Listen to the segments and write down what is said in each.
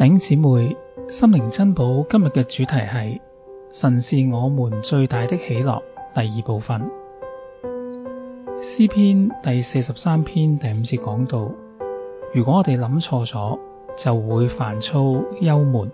弟兄姊妹心靈珍寶今日嘅主題係，神是我們最大的喜樂第二部分。詩篇第四十三篇第五節講到，如果我哋諗錯咗就會煩躁憂悶，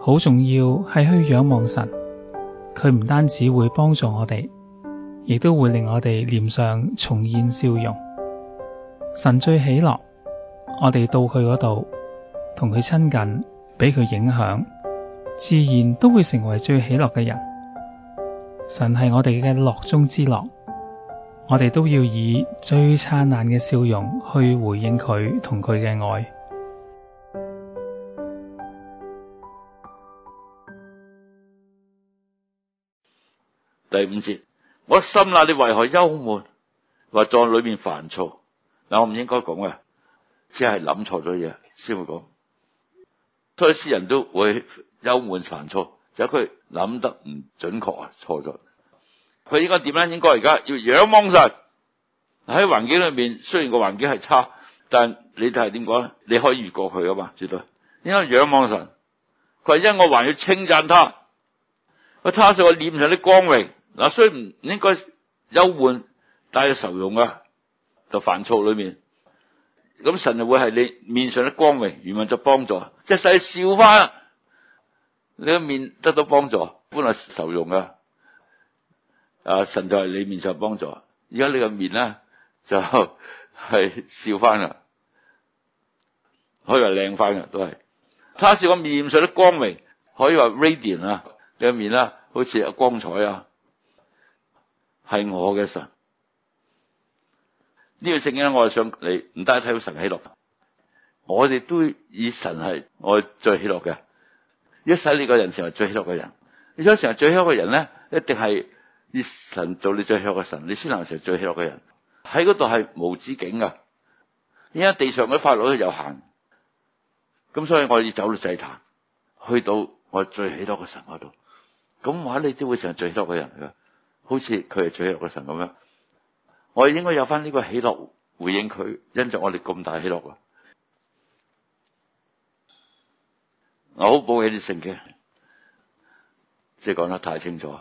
好重要係去仰望神，佢唔單止會幫助我哋，亦都會令我哋臉上重現笑容。神最喜樂，我哋到去嗰度。同佢親近，俾佢影響，自然都會成為最喜樂嘅人。神係我哋嘅樂中之樂，我哋都要以最燦爛嘅笑容去回應佢同佢嘅愛。第五節，我心啊，你為何憂悶？或在裡面煩躁？嗱，我唔應該講嘅，只係諗錯咗嘢先會講。所以詩人都會憂悶煩躁，就佢諗得唔準確啊，錯咗。佢應該點咧？應該而家要仰望神。喺環境裏面，雖然個環境係差，但你哋睇點講咧？你可以越過去噶嘛，絕對。應該仰望神。佢因我還要稱讚他，佢他是我臉上的光榮。嗱，雖然應該憂悶，帶有愁容啊，就煩躁裏面。咁神就會係你面上的光榮，原文就幫助，即係使笑翻你個面得到幫助，本來受用啊。啊神就係你面上幫助，而家你個面咧就係、是、笑翻啦，可以話靚翻嘅都係，他是我面上的光榮，可以話 radiant 啊，你個面啦好似啊光彩啊，係我嘅神。呢個聖經咧，我係想你唔單睇到神喜樂，我哋都以神係我最喜樂嘅。一使你個人成為最喜樂嘅人，你想成為最喜樂嘅人咧，一定係以神做你最喜樂嘅神，你先能成為最喜樂嘅人。喺嗰度係無止境噶，因為地上嘅法律都有限。咁所以我要走到祭壇，去到我最喜樂嘅神嗰度，咁我你都會成為最喜樂嘅人噶。好似佢係最喜樂嘅神咁樣。我哋應該有翻呢個喜樂回應佢，因着我哋咁大喜樂啊！我好保險性嘅，即係講得太清楚。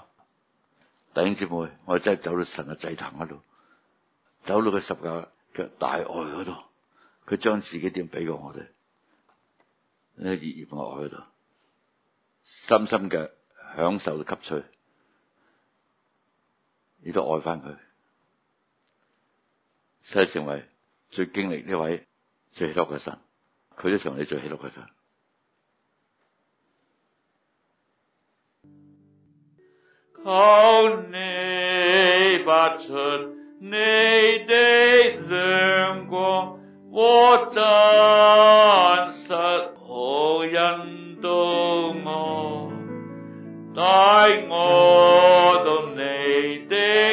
弟兄姊妹，我真係走到神嘅祭壇嗰度，走到佢十架嘅大愛嗰度，佢將自己點俾過我哋，呢熱熱嘅愛嗰度，深深嘅享受吸取，亦都愛翻佢。就成為最經歷呢位最喜樂嘅神，佢都成為你最喜樂嘅神。求你發出你的亮光，和真實好引導我，帶我到你的。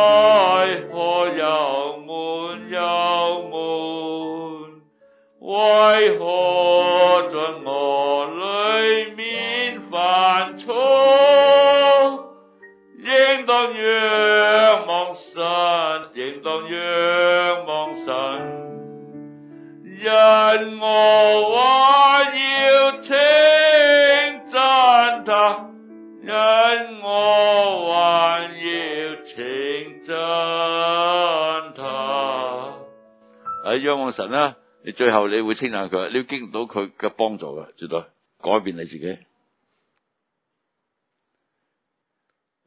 你仰望神啦，你最後你會稱讚佢，你會經到佢嘅幫助嘅，絕對改變你自己。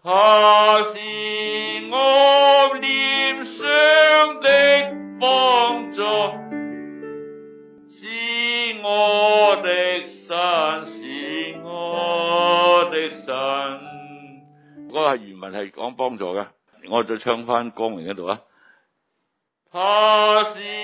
他是我臉上的幫助，是我的神，是我的神。嗰個係原文係講幫助嘅，我再唱翻光榮嗰度啊。他是。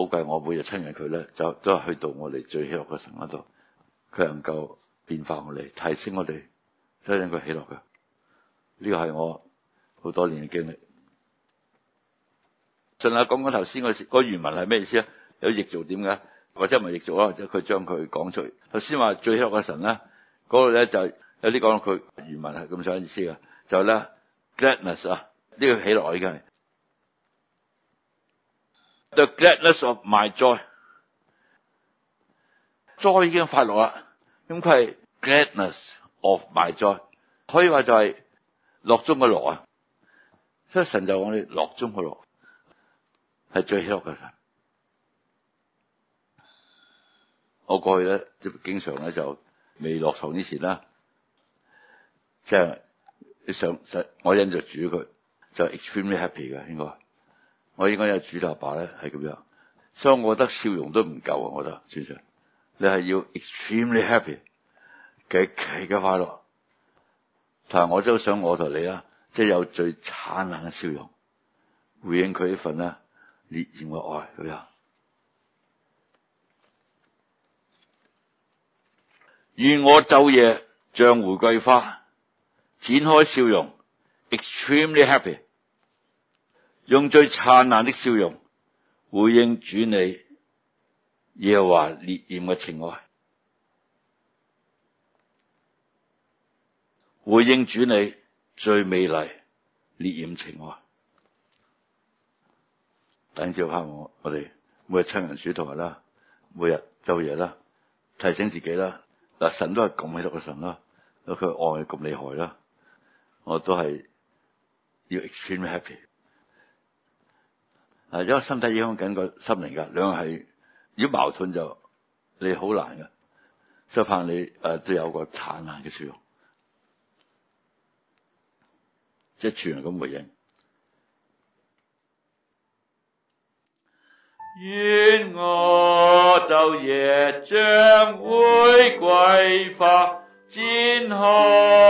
好貴，我每日親近佢咧，就都係去到我哋最喜樂嘅神嗰度，佢能夠變化我哋，提升我哋，真係令佢喜樂嘅。呢個係我好多年嘅經歷。順啊，講講頭先嗰個原文係咩意思啊？有譯做點嘅，或者唔係譯做啊，或者佢將佢講出。頭先話最喜樂嘅神咧，嗰度咧就有啲講到佢原文係咁想意思嘅，就咧、是、gladness 啊，呢個喜樂嘅。The gladness of my joy，joy joy 已經快樂啦，咁佢係 gladness of my joy，可以話就係樂中嘅樂啊，所以神就係我哋樂中嘅樂係最喜樂嘅神。我過去咧即係經常咧就未落床之前啦，即係想我忍着煮佢就是、extremely happy 嘅應該。我應該有主立阿爸咧，係咁樣，所以我覺得笑容都唔夠啊！我覺得，主席，你係要 extremely happy 嘅極其嘅快樂，但係我就好想我同你啦，即係有最燦爛嘅笑容回應佢呢份咧烈焰嘅愛，咁樣。願我晝夜像玫瑰花，展開笑容，extremely happy。用最燦爛的笑容，回應主你耶和華烈焰嘅情愛，回應主你最美麗烈焰情愛。等朝下我，我哋每日親人主同埋啦，每日晝夜啦，提醒自己啦。嗱，神都係咁喺度嘅神啦，因為佢愛咁厲害啦，我都係要 extreme happy。啊，因為身體影響緊個心靈噶，兩個係如果矛盾就你好難噶，就怕你誒、呃、都有個燦爛嘅笑容，即係全咁回應。願我晝夜像玫瑰花，展開。煎